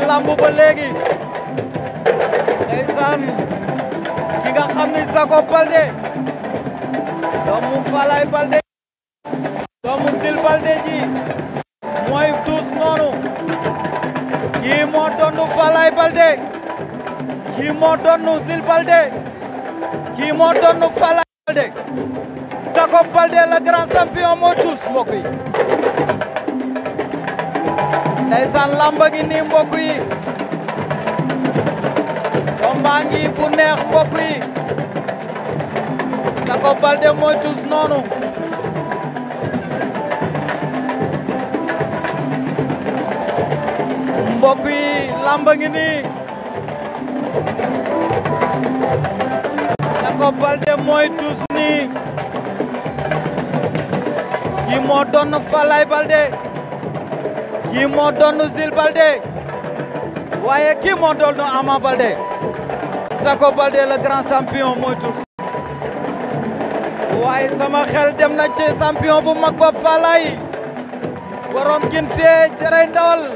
ci làmb ba léegi ndeysaan ki nga xam ni Zaco Baldé doomu Falaye Baldé doomu Sil Baldé ji mooy tuus noonu kii moo donnu Falaye Baldé kii moo donnu Sil Baldé kii moo donnu Falaye Baldé Zaco Baldé le grand champion moo tuus mbokk ndeysaan lamba gi nii mbokk yi combat bu neex mbokk yi Sako Balde mooy tuus noonu mbokk yi lamba ngi nii Sako Balde mooy tuus nii kii moo doon Falaye Balde kii moo doon Jules Baldé waaye kii moo doon Ama Baldé Sako Baldé le grand champion mooy waaye sama xel dem na ci champion bu mag ba Falaay borom ginte cerey ndawal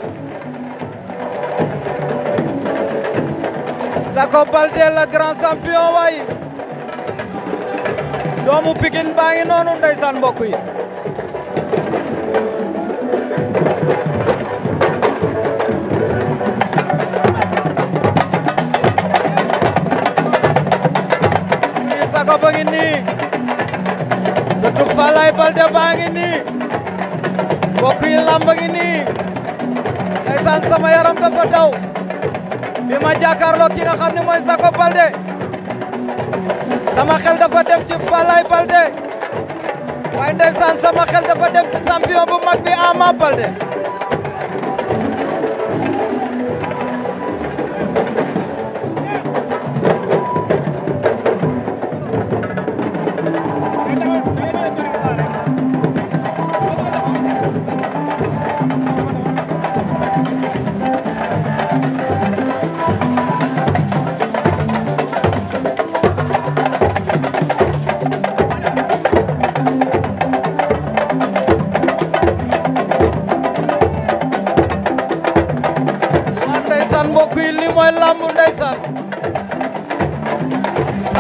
Sako Baldé le grand champion waay doomu Pikine baa ngi noonu ndeysaan mbokk yi Sakho ba ngi nii surtout Falaye Baldé baa ngi nii mbokk yi làmb ngi nii ndeysaan sama yaram dafa daw bi ma jàkkaarloo ki nga xam ne mooy Sakho Baldé sama xel dafa dem ci Falaye Baldé waaye ndeysaan sama xel dafa dem ci champion bu mag bi Ama Baldé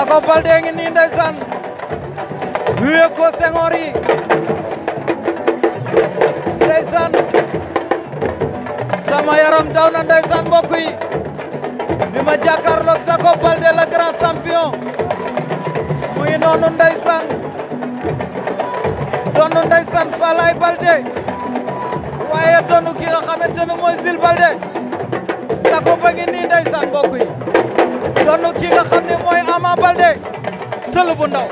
Jacob Baldé ngi nii ndeysaan wéyee ko sengoor yi ndeysaan sama yaram daw na ndeysaan mbokk yi bi ma jàkkaarloog Jacob Baldé le grand champion mu ngi noonu ndeysaan doonu ndeysaan Falaye Baldé waaye doonu ki nga xamante ne mooy Zil Baldé Jacob ngi nii ndeysaan mbokk yi doon ki nga xam ne mooy Ama Baldé sël bu ndaw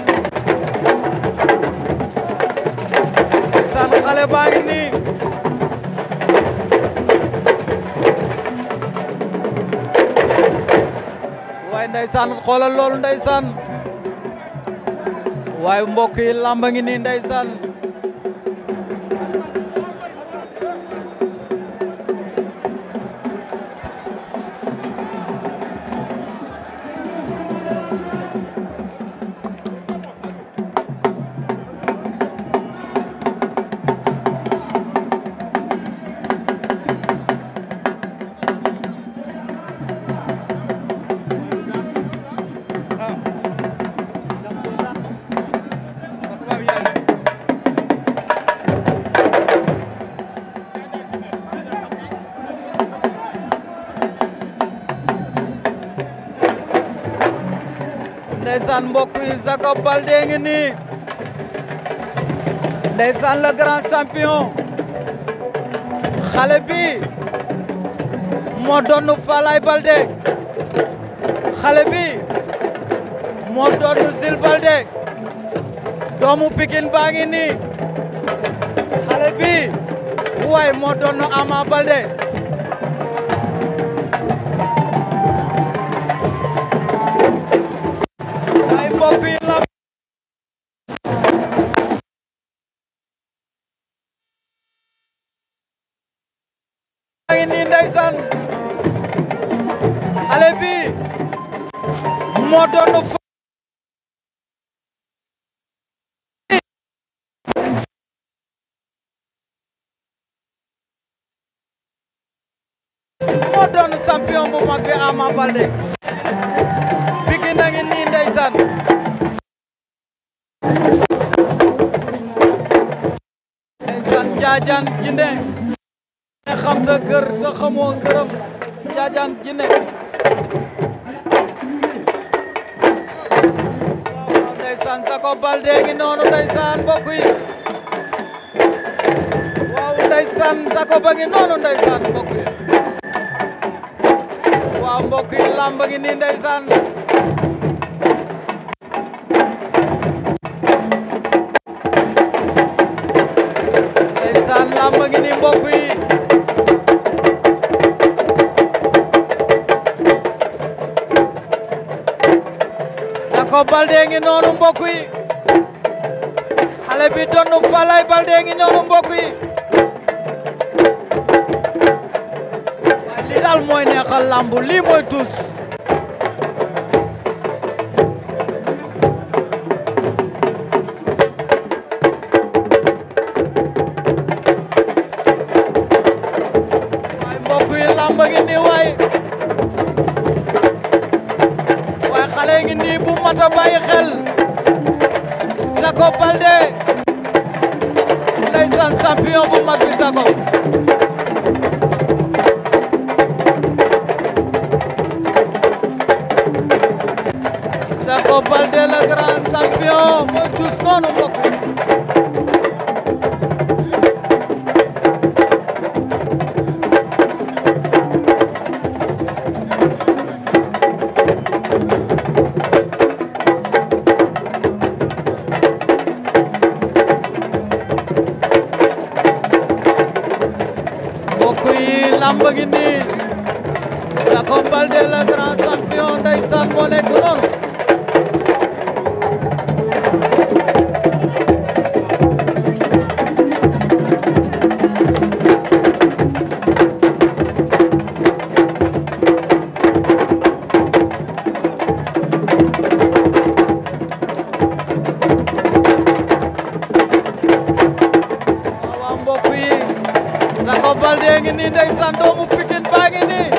san xale baa ngi nii waaye ndeysaan xoolal loolu ndeysaan waaye mbokk yi làmba ngi nii ndeysaan ndeysaan mbokk yi Jacob Baldé xale bi moo doon Falaye Baldé xale bi moo doon Jules Baldé doomu Pikine baa ngi nii xale bi waay moo doon Ama Baldé ngi moo doon fa bu mag bi Ama Baldé bigi na ngi nii ndeysaan ndeysaan jaajaan jinde xam sa kër te waaw ndeysaan Jacob Baldé ngi noonu ndeysaan mbokk yi waaw mbokk yi waaw ngi nii ndeysaan Jacob Baldé ngi noonu mbokk yi xale bi doon Falaye Baldé ngi noonu mbokk yi waaye li daal mooy neexal làmb lii mooy tuus champion bu grand champion mooy tous noonu mbokk le grand champion ndeysaan moo nekk noonu Zaco Baldé ngi nii ndeysaan doomu Pikine baa ngi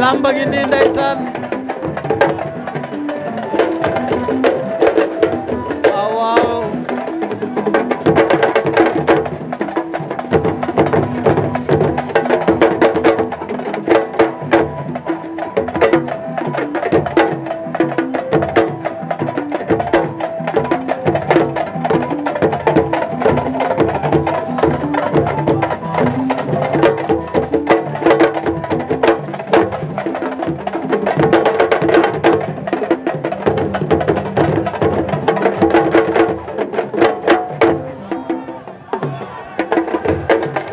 lamba gi nii ndeysaan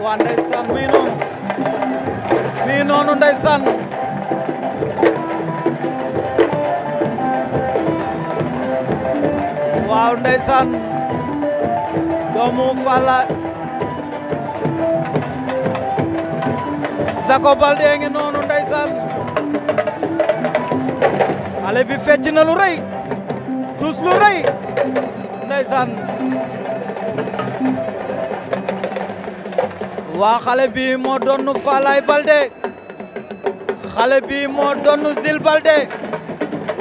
waa ndeysaan muy noonu muy waaw ndeysaan doomu Falla Zako Balde ngi noonu ndeysaan xale bi fecc na lu rëy tus lu rëy ndeysaan waa xale bii moo doonu Falaye Baldé xale bi moo doonu Zil Baldé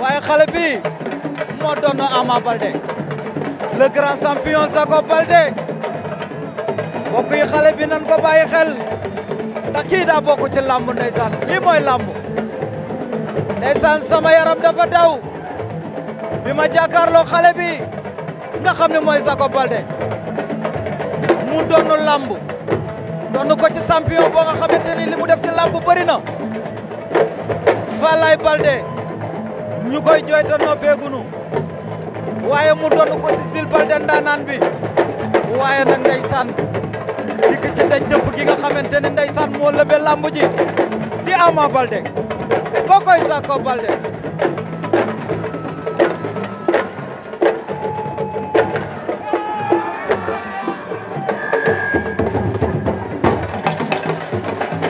waaye xale bi moo doonu Ama Baldé le grand champion Jacob Baldé bokk xale bi nan ko bàyyi xel ndax kii daa bokk ci làmb ndeysaan lii mooy làmb ndeysaan sama yaram dafa daw bi ma jàkkaarloo xale bi nga xam ne mooy Jacob Baldé mu doonu làmb doon ko ci champion boo nga li mu def ci làmb bëri na Falaye Baldé ñu koy jooyta noppeegunu waaye mu doon ko ci Jules Baldé ndaanaan bi waaye nag ndeysaan dikk ci daj dëpp gi nga xamante ni ndeysaan moo lëbe làmb ji di Ama Baldé boo koy sàkkoo Baldé